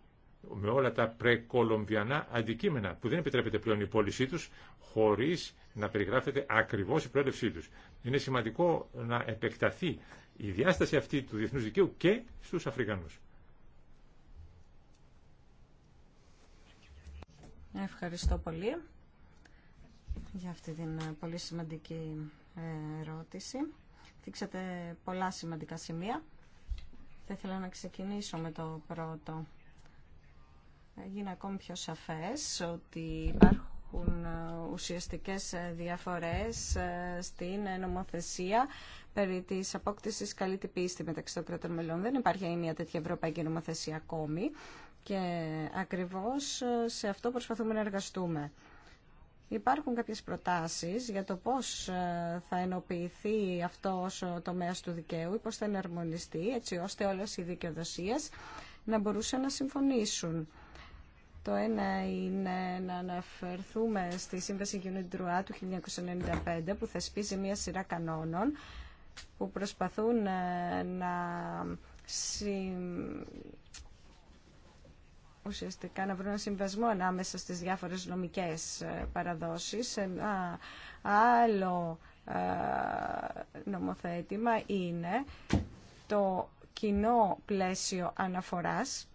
[SPEAKER 2] με όλα τα πρεκολομβιανά αντικείμενα που δεν επιτρέπεται πλέον η πώλησή τους, χωρίς να περιγράφεται ακριβώς η προέλευσή τους. Είναι σημαντικό να επεκταθεί η διάσταση αυτή του διεθνούς δικαίου και στους Αφρικανούς.
[SPEAKER 3] Ευχαριστώ πολύ για αυτή την ε, πολύ σημαντική ε, ερώτηση. Δείξατε πολλά σημαντικά σημεία. Θα ήθελα να ξεκινήσω με το πρώτο. Έγινε ακόμη πιο σαφές ότι υπάρχουν ε, ουσιαστικές διαφορές στην νομοθεσία περί της απόκτησης καλή στη μεταξύ των κρατών μελών. Δεν υπάρχει μια τέτοια ευρωπαϊκή νομοθεσία ακόμη και ακριβώς ε, σε αυτό προσπαθούμε να εργαστούμε. Υπάρχουν κάποιες προτάσεις για το πώς ε, θα ενοποιηθεί αυτό ο τομέας του δικαίου ή πώς θα εναρμονιστεί έτσι ώστε όλες οι δικαιοδοσίες να μπορούσαν να συμφωνήσουν. Το ένα είναι να αναφερθούμε στη Σύμβαση Τρουά του 1995 που θεσπίζει μια σειρά κανόνων που προσπαθούν ε, να ουσιαστικά να βρουν ένα συμβασμό ανάμεσα στις διάφορες νομικές ε, παραδόσεις. Ένα άλλο ε, νομοθέτημα είναι το κοινό πλαίσιο αναφοράς.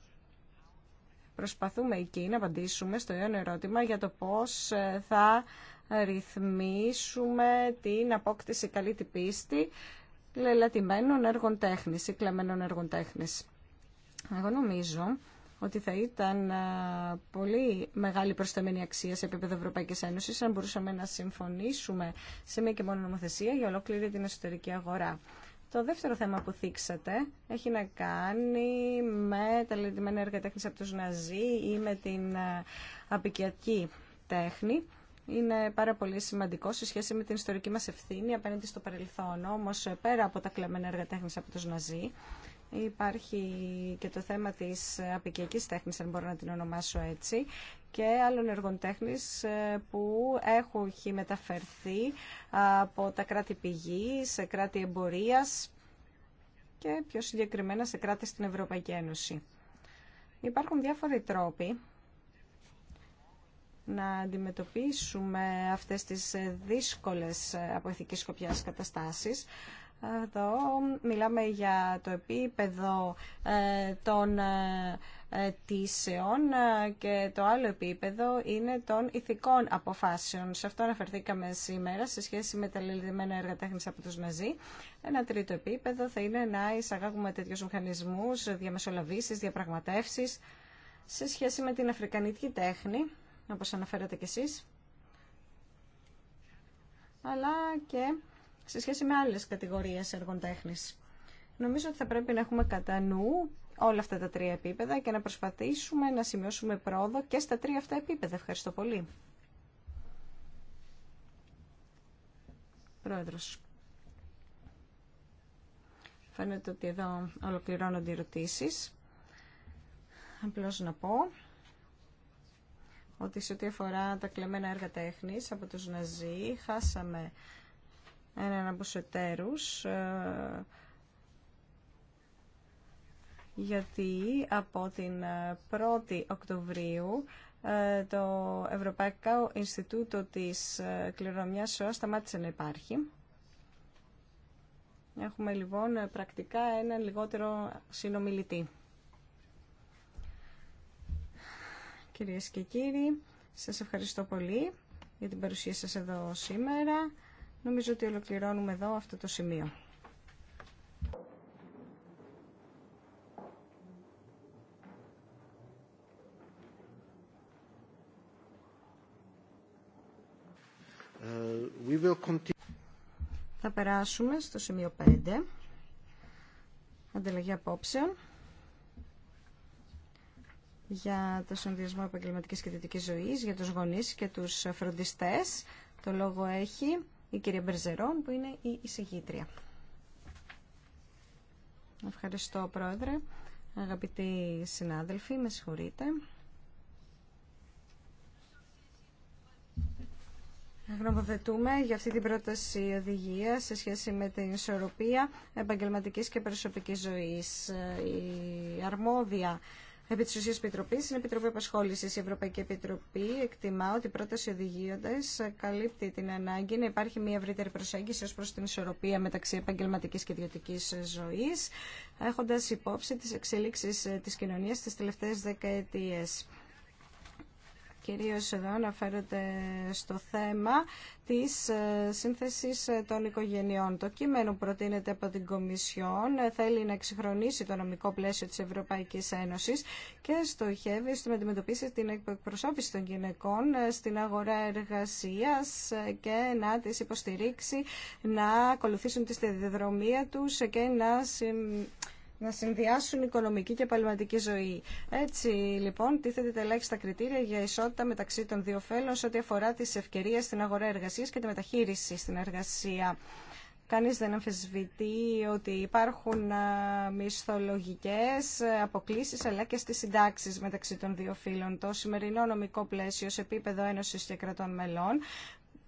[SPEAKER 3] Προσπαθούμε εκεί να απαντήσουμε στο ίδιο ερώτημα για το πώς ε, θα ρυθμίσουμε την απόκτηση καλή την πίστη λελατημένων έργων τέχνης ή κλεμμένων έργων τέχνης. Εγώ νομίζω ότι θα ήταν ε, πολύ μεγάλη προσταμένη αξία σε επίπεδο Ευρωπαϊκή Ένωση αν μπορούσαμε να συμφωνήσουμε σε μία και μόνο νομοθεσία για ολόκληρη την εσωτερική αγορά. Το δεύτερο θέμα που θίξατε έχει να κάνει με τα λεντυμένα έργα τέχνης από τους Ναζί ή με την ε, απικιακή τέχνη. Είναι πάρα πολύ σημαντικό σε σχέση με την ιστορική μας ευθύνη απέναντι στο παρελθόν. Όμως, πέρα από τα κλεμμένα έργα τέχνης από τους Ναζί, Υπάρχει και το θέμα της απικιακής τέχνης, αν μπορώ να την ονομάσω έτσι, και άλλων εργών ε, που έχουν μεταφερθεί από τα κράτη πηγή σε κράτη εμπορίας και πιο συγκεκριμένα σε κράτη στην Ευρωπαϊκή Ένωση. Υπάρχουν διάφοροι τρόποι να αντιμετωπίσουμε αυτές τις δύσκολες ε, από ηθική καταστάσεις. Εδώ μιλάμε για το επίπεδο ε, των ε, αιτήσεων ε, και το άλλο επίπεδο είναι των ηθικών αποφάσεων. Σε αυτό αναφερθήκαμε σήμερα σε σχέση με τα λελειδημένα έργα τέχνης από τους Ναζί. Ένα τρίτο επίπεδο θα είναι να εισαγάγουμε τέτοιους μηχανισμούς, διαμεσολαβήσεις, διαπραγματεύσεις σε σχέση με την αφρικανική τέχνη, όπως αναφέρατε κι εσείς, αλλά και σε σχέση με άλλες κατηγορίες έργων τέχνης. Νομίζω ότι θα πρέπει να έχουμε κατά νου όλα αυτά τα τρία επίπεδα και να προσπαθήσουμε να σημειώσουμε πρόοδο και στα τρία αυτά επίπεδα. Ευχαριστώ πολύ. Πρόεδρος. Φαίνεται ότι εδώ ολοκληρώνονται οι ερωτήσεις. Απλώς να πω ότι σε ό,τι αφορά τα κλεμμένα έργα τέχνης από τους Ναζί, χάσαμε έναν από τους εταίρους ε, γιατί από την 1η ε, Οκτωβρίου ε, το Ευρωπαϊκό Ινστιτούτο της Κληρονομιάς ΣΟΑ σταμάτησε να υπάρχει. Έχουμε λοιπόν πρακτικά έναν λιγότερο συνομιλητή. Κυρίες και κύριοι, σας ευχαριστώ πολύ για την παρουσία σας εδώ σήμερα. Νομίζω ότι ολοκληρώνουμε εδώ αυτό το σημείο.
[SPEAKER 1] Ε,
[SPEAKER 3] θα περάσουμε στο σημείο 5. Ανταλλαγή απόψεων για το συνδυασμό επαγγελματική και δυτικής ζωής, για τους γονείς και τους φροντιστές. Το λόγο έχει η κυρία Μπερζερόν που είναι η εισηγήτρια. Ευχαριστώ πρόεδρε, αγαπητοί συνάδελφοι, με συγχωρείτε. Γνωμοθετούμε για αυτή την πρόταση οδηγία σε σχέση με την ισορροπία επαγγελματικής και προσωπικής ζωής. Η αρμόδια Επί τη ουσία Επιτροπή είναι Επιτροπή Απασχόληση. Η Ευρωπαϊκή Επιτροπή εκτιμά ότι η πρόταση οδηγίοντα καλύπτει την ανάγκη να υπάρχει μια ευρύτερη προσέγγιση ω προ την ισορροπία μεταξύ επαγγελματική και ιδιωτική ζωή, έχοντα υπόψη τι εξελίξει τη κοινωνία τι τελευταίε δεκαετίε κυρίως εδώ αναφέρονται στο θέμα της ε, σύνθεσης ε, των οικογενειών. Το κείμενο προτείνεται από την Κομισιόν ε, θέλει να εξυγχρονίσει το νομικό πλαίσιο της Ευρωπαϊκής Ένωσης και στοχεύει στην αντιμετωπίση, την εκπροσώπηση των γυναικών στην αγορά εργασίας και να τις υποστηρίξει να ακολουθήσουν τη στεδιοδρομία τους και να να συνδυάσουν οικονομική και επαγγελματική ζωή. Έτσι, λοιπόν, τίθεται τα ελάχιστα κριτήρια για ισότητα μεταξύ των δύο φέλων σε ό,τι αφορά τι ευκαιρίε στην αγορά εργασία και τη μεταχείριση στην εργασία. Κανεί δεν αμφισβητεί ότι υπάρχουν μισθολογικέ αποκλήσει αλλά και στι συντάξει μεταξύ των δύο φύλων. Το σημερινό νομικό πλαίσιο σε επίπεδο Ένωση και κρατών μελών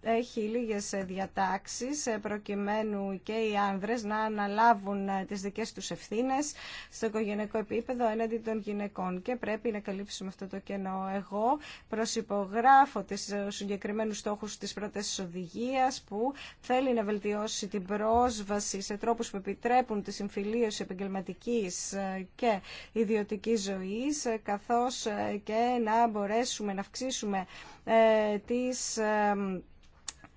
[SPEAKER 3] έχει λίγες διατάξεις ε, προκειμένου και οι άνδρες να αναλάβουν ε, τις δικές τους ευθύνες στο οικογενειακό επίπεδο έναντι των γυναικών και πρέπει να καλύψουμε αυτό το κενό. Εγώ προσυπογράφω τις ε, συγκεκριμένους στόχους της πρώτης οδηγίας που θέλει να βελτιώσει την πρόσβαση σε τρόπους που επιτρέπουν τη συμφιλίωση επαγγελματική και ιδιωτική ζωής καθώς και να μπορέσουμε να αυξήσουμε τις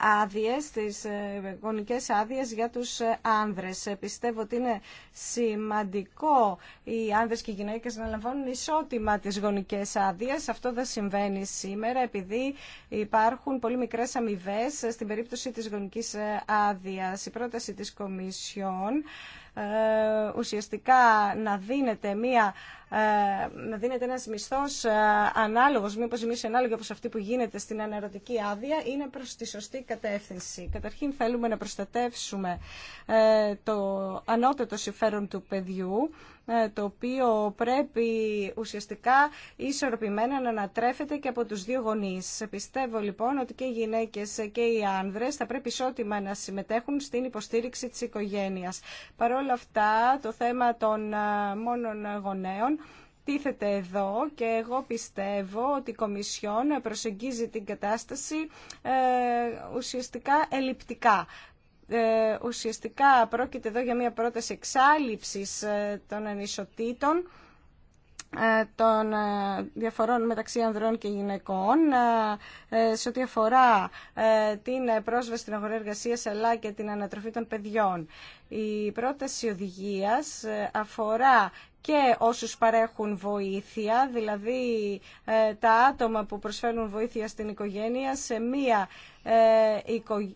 [SPEAKER 3] άδειε, τι ε, γονικές άδειε για τους ε, άνδρες. Ε, πιστεύω ότι είναι σημαντικό οι άνδρες και οι γυναίκες να λαμβάνουν ισότιμα τις γονικές άδειε. Αυτό δεν συμβαίνει σήμερα επειδή υπάρχουν πολύ μικρές αμοιβέ στην περίπτωση της γονικής άδεια, Η πρόταση της Κομισιόν ε, ουσιαστικά να δίνεται, μια, ε, να δίνεται ένας μισθός ε, ανάλογος, η μισή ανάλογη όπως αυτή που γίνεται στην αναρωτική άδεια, είναι προς τη σωστή κατεύθυνση. Καταρχήν θέλουμε να προστατεύσουμε το ανώτατο συμφέρον του παιδιού, ε, το οποίο πρέπει ουσιαστικά ισορροπημένα να ανατρέφεται και από τους δύο γονείς. Πιστεύω λοιπόν ότι και οι γυναίκες και οι άνδρες θα πρέπει ισότιμα να συμμετέχουν στην υποστήριξη της οικογένειας. Παρ' όλα αυτά το θέμα των ε, μόνων γονέων τίθεται εδώ και εγώ πιστεύω ότι η Κομισιόν προσεγγίζει την κατάσταση ε, ουσιαστικά ελλειπτικά. Ε, ουσιαστικά πρόκειται εδώ για μια πρόταση εξάλληψης ε, των ανισοτήτων ε, των διαφορών μεταξύ ανδρών και γυναικών σε ό,τι αφορά την πρόσβαση στην αγορά εργασίας αλλά και την ανατροφή των παιδιών. Η πρόταση οδηγίας ε, αφορά και όσους παρέχουν βοήθεια, δηλαδή ε, τα άτομα που προσφέρουν βοήθεια στην οικογένεια σε μία, ε,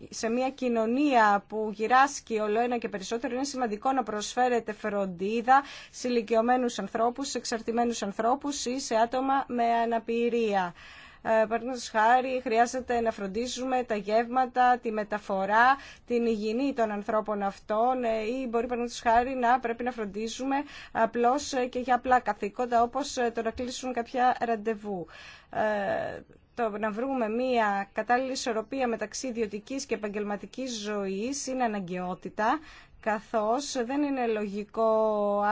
[SPEAKER 3] σε μία κοινωνία που γυράσκει όλο ένα και περισσότερο. Είναι σημαντικό να προσφέρεται φροντίδα σε ηλικιωμένους ανθρώπους, σε εξαρτημένους ανθρώπους ή σε άτομα με αναπηρία. Ε, παραδείγματο χάρη, χρειάζεται να φροντίζουμε τα γεύματα, τη μεταφορά, την υγιεινή των ανθρώπων αυτών ε, ή μπορεί παραδείγματο χάρη να πρέπει να φροντίζουμε απλώ ε, και για απλά καθήκοντα όπω το να κλείσουν κάποια ραντεβού το να βρούμε μία κατάλληλη ισορροπία μεταξύ ιδιωτική και επαγγελματική ζωή είναι αναγκαιότητα καθώς δεν είναι λογικό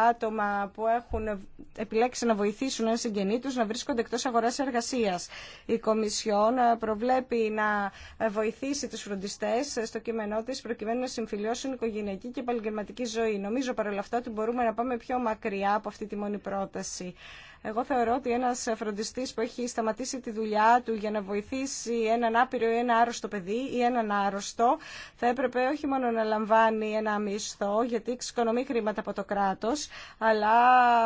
[SPEAKER 3] άτομα που έχουν επιλέξει να βοηθήσουν ένα συγγενή να βρίσκονται εκτός αγοράς εργασίας. Η Κομισιόν προβλέπει να βοηθήσει τους φροντιστές στο κείμενό της προκειμένου να συμφιλειώσουν οικογενειακή και επαγγελματική ζωή. Νομίζω παρόλα αυτά ότι μπορούμε να πάμε πιο μακριά από αυτή τη μόνη πρόταση. Εγώ θεωρώ ότι ένα φροντιστή που έχει σταματήσει τη δουλειά του για να βοηθήσει έναν άπειρο ή ένα άρρωστο παιδί ή έναν άρρωστο θα έπρεπε όχι μόνο να λαμβάνει ένα μισθό γιατί εξοικονομεί χρήματα από το κράτο, αλλά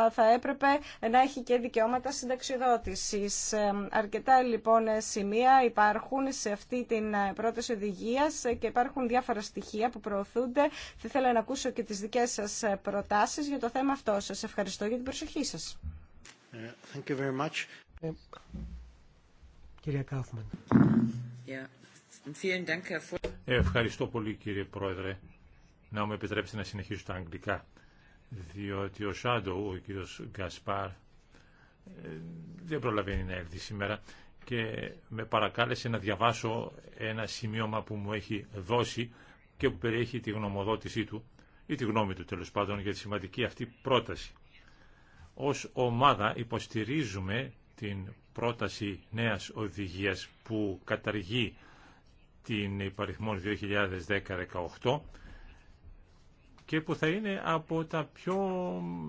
[SPEAKER 3] θα έπρεπε να έχει και δικαιώματα συνταξιδότηση. Ε, αρκετά λοιπόν σημεία υπάρχουν σε αυτή την ε, πρόταση οδηγία και υπάρχουν διάφορα στοιχεία που προωθούνται. Θα ήθελα να ακούσω και τι δικέ σα ε, προτάσει για το θέμα αυτό. σα. ευχαριστώ για την προσοχή σα.
[SPEAKER 2] Ευχαριστώ πολύ κύριε Πρόεδρε να μου επιτρέψετε να συνεχίσω τα αγγλικά διότι ο Σάντο, ο κύριος Γκασπάρ ε, δεν προλαβαίνει να έρθει σήμερα και με παρακάλεσε να διαβάσω ένα σημείωμα που μου έχει δώσει και που περιέχει τη γνωμοδότησή του ή τη γνώμη του τέλος πάντων για τη σημαντική αυτή πρόταση ως ομάδα υποστηρίζουμε την πρόταση νέας οδηγίας που καταργεί την υπαριθμόν 2010-18 και που θα είναι από τα πιο,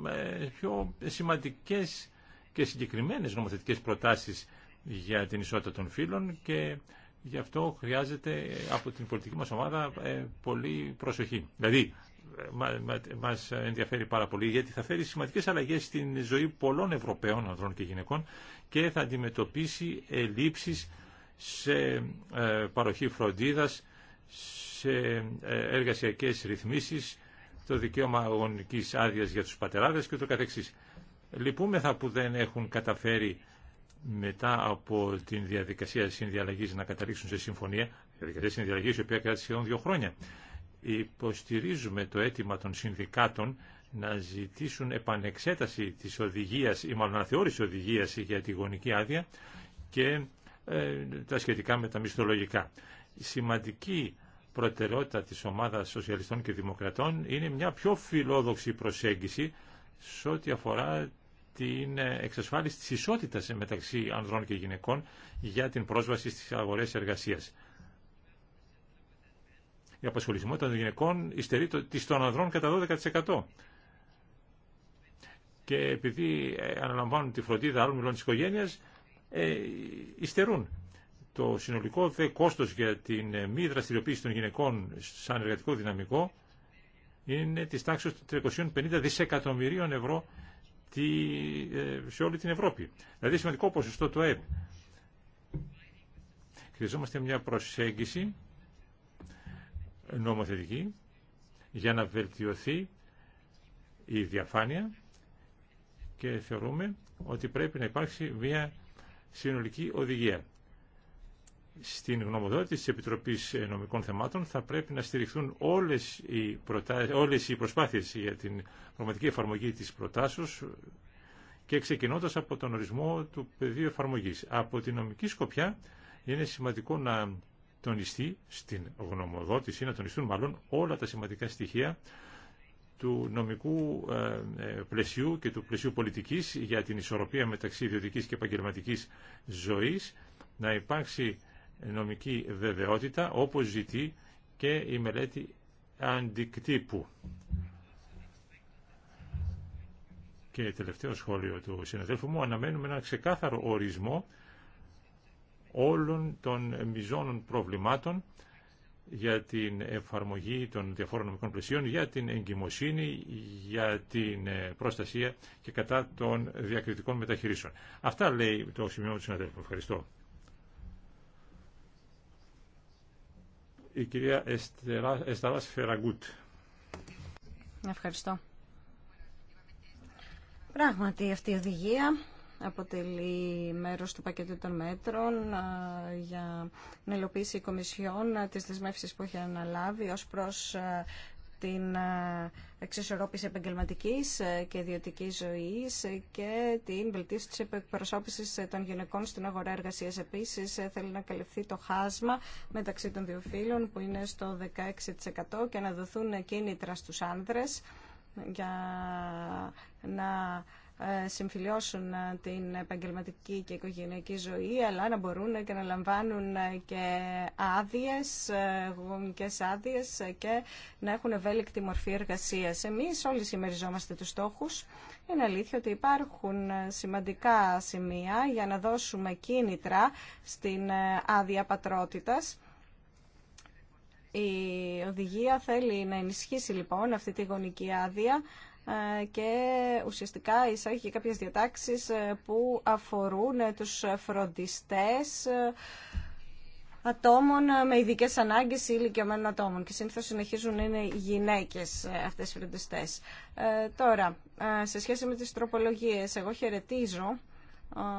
[SPEAKER 2] ε, πιο σημαντικές και συγκεκριμένες νομοθετικές προτάσεις για την ισότητα των φύλων και γι' αυτό χρειάζεται από την πολιτική μας ομάδα ε, πολύ προσοχή. Δηλαδή μας ενδιαφέρει πάρα πολύ γιατί θα φέρει σημαντικές αλλαγές στην ζωή πολλών Ευρωπαίων ανδρών και γυναικών και θα αντιμετωπίσει ελλείψεις σε ε, παροχή φροντίδας, σε ε, εργασιακές ρυθμίσεις, το δικαίωμα αγωνικής άδειας για τους πατεράδες και το καθεξής. Λυπούμεθα που δεν έχουν καταφέρει μετά από την διαδικασία συνδιαλλαγής να καταλήξουν σε συμφωνία, διαδικασία συνδιαλλαγής η οποία κράτησε σχεδόν δύο χρόνια υποστηρίζουμε το αίτημα των συνδικάτων να ζητήσουν επανεξέταση της οδηγίας ή μάλλον αναθεώρηση οδηγίας για τη γονική άδεια και ε, τα σχετικά με τα μισθολογικά. Η σημαντική προτεραιότητα της ομάδας Σοσιαλιστών και Δημοκρατών είναι μια πιο φιλόδοξη προσέγγιση σε ό,τι αφορά την ε, εξασφάλιση της ισότητας μεταξύ ανδρών και γυναικών για την πρόσβαση στις αγορές εργασίας η απασχολησιμότητα των γυναικών υστερεί τη των ανδρών κατά 12%. Και επειδή ε, αναλαμβάνουν τη φροντίδα άλλων μιλών τη οικογένεια, ε, υστερούν. Το συνολικό δε κόστος για την ε, μη δραστηριοποίηση των γυναικών σαν εργατικό δυναμικό είναι της τάξης των 350 δισεκατομμυρίων ευρώ ε, σε όλη την Ευρώπη. Δηλαδή σημαντικό ποσοστό του ΕΠ. Χρειαζόμαστε μια προσέγγιση νομοθετική για να βελτιωθεί η διαφάνεια και θεωρούμε ότι πρέπει να υπάρξει μια συνολική οδηγία. Στην γνωμοδότηση της Επιτροπής Νομικών Θεμάτων θα πρέπει να στηριχθούν όλες οι, όλες οι προσπάθειες για την πραγματική εφαρμογή της προτάσεως και ξεκινώντας από τον ορισμό του πεδίου εφαρμογής. Από τη νομική σκοπιά είναι σημαντικό να τονιστεί στην γνωμοδότηση, να τονιστούν μάλλον όλα τα σημαντικά στοιχεία του νομικού ε, ε, πλαισιού και του πλαισιού πολιτικής για την ισορροπία μεταξύ ιδιωτικής και επαγγελματική ζωής, να υπάρξει νομική βεβαιότητα όπως ζητεί και η μελέτη αντικτύπου. Και τελευταίο σχόλιο του συναδέλφου μου, αναμένουμε ένα ξεκάθαρο ορισμό όλων των μιζώνων προβλημάτων για την εφαρμογή των διαφόρων νομικών πλαισίων, για την εγκυμοσύνη, για την ε, προστασία και κατά των διακριτικών μεταχειρήσεων. Αυτά λέει το σημείο του συναδέλφου. Ευχαριστώ. Η κυρία Εσταράς Φεραγκούτ.
[SPEAKER 3] Ευχαριστώ. Πράγματι αυτή η οδηγία αποτελεί μέρος του πακέτου των μέτρων για να υλοποιήσει η Κομισιόν τις δεσμεύσεις που έχει αναλάβει ως προς την εξισορρόπηση επαγγελματική και ιδιωτική ζωής και την βελτίωση της επεκπροσώπησης ε, των γυναικών στην αγορά εργασίας. Επίσης, ε, θέλει να καλυφθεί το χάσμα μεταξύ των δύο φύλων που είναι στο 16% και να δοθούν κίνητρα στου άνδρες για να ε, συμφιλιώσουν ε, την επαγγελματική και οικογενειακή ζωή, αλλά να μπορούν και να λαμβάνουν ε, και άδειε, γονικέ άδειε, και να έχουν ευέλικτη μορφή εργασία. Εμείς όλοι συμμεριζόμαστε τους στόχους. Είναι αλήθεια ότι υπάρχουν σημαντικά σημεία για να δώσουμε κίνητρα στην άδεια πατρότητας. Η οδηγία θέλει να ενισχύσει λοιπόν αυτή τη γονική άδεια ε, και ουσιαστικά εισάγει και κάποιες διατάξεις ε, που αφορούν ε, τους φροντιστές ατόμων με ειδικέ ανάγκε ή ηλικιωμένων ατόμων. Και συνήθω συνεχίζουν να είναι γυναίκε αυτέ οι φροντιστέ. τώρα, σε σχέση με τι τροπολογίε, εγώ χαιρετίζω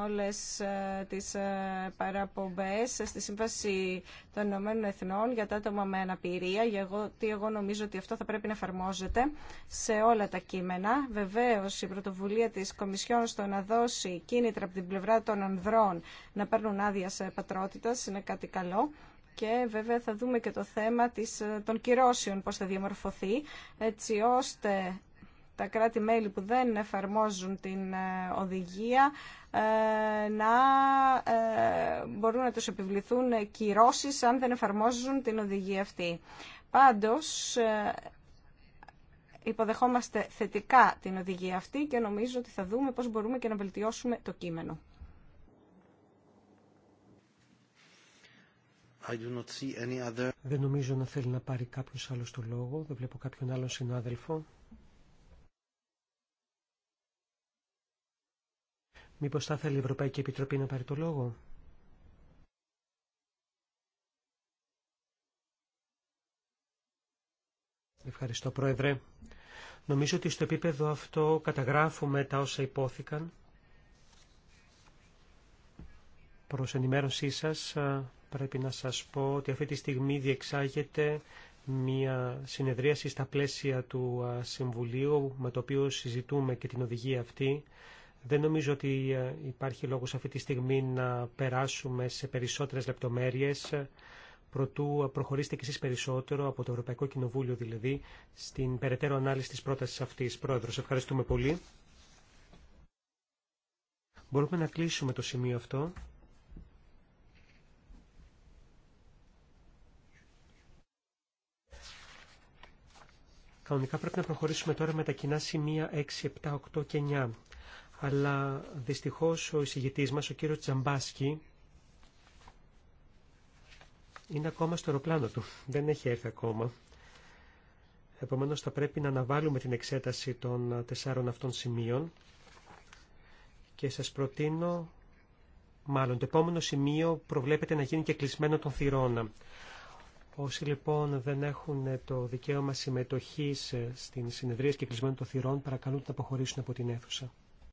[SPEAKER 3] όλες ε, τις ε, παραπομπές στη Σύμβαση των Ηνωμένων Εθνών για τα άτομα με αναπηρία, γιατί εγώ νομίζω ότι αυτό θα πρέπει να εφαρμόζεται σε όλα τα κείμενα. Βεβαίως, η πρωτοβουλία της Κομισιόν στο να δώσει κίνητρα από την πλευρά των ανδρών να παίρνουν άδεια σε πατρότητας είναι κάτι καλό. Και βέβαια θα δούμε και το θέμα ε, των κυρώσεων, πώς θα διαμορφωθεί, έτσι ώστε τα κράτη-μέλη που δεν εφαρμόζουν την οδηγία ε, να ε, μπορούν να τους επιβληθούν κυρώσεις αν δεν εφαρμόζουν την οδηγία αυτή. Πάντως, ε, υποδεχόμαστε θετικά την οδηγία αυτή και νομίζω ότι θα δούμε πώς μπορούμε και να βελτιώσουμε το κείμενο.
[SPEAKER 1] I do not see any other... Δεν νομίζω να θέλει να πάρει κάποιος άλλος το λόγο. Δεν βλέπω κάποιον άλλον συνάδελφο. Μήπως θα ήθελε η Ευρωπαϊκή Επιτροπή να πάρει το λόγο. Ευχαριστώ Πρόεδρε. Νομίζω ότι στο επίπεδο αυτό καταγράφουμε τα όσα υπόθηκαν. Προς ενημέρωσή σας πρέπει να σας πω ότι αυτή τη στιγμή διεξάγεται μια συνεδρίαση στα πλαίσια του Συμβουλίου με το οποίο συζητούμε και την οδηγία αυτή. Δεν νομίζω ότι ε, υπάρχει λόγος αυτή τη στιγμή να περάσουμε σε περισσότερες λεπτομέρειες προτού ε, προχωρήσετε κι εσείς περισσότερο από το Ευρωπαϊκό Κοινοβούλιο δηλαδή στην περαιτέρω ανάλυση της πρότασης αυτής. Πρόεδρος, ευχαριστούμε πολύ. Μπορούμε να κλείσουμε το σημείο αυτό. Κανονικά πρέπει να προχωρήσουμε τώρα με τα κοινά σημεία 6, 7, 8 και 9 αλλά δυστυχώς ο εισηγητής μας, ο κύριος Τζαμπάσκι, είναι ακόμα στο αεροπλάνο του. Δεν έχει έρθει ακόμα. Επομένως θα πρέπει να αναβάλουμε την εξέταση των τεσσάρων αυτών σημείων και σας προτείνω, μάλλον το επόμενο σημείο προβλέπεται να γίνει και κλεισμένο των θυρών. Όσοι λοιπόν δεν έχουν το δικαίωμα συμμετοχής ε, στην συνεδρία και κλεισμένο των θυρών παρακαλούν να αποχωρήσουν από την αίθουσα.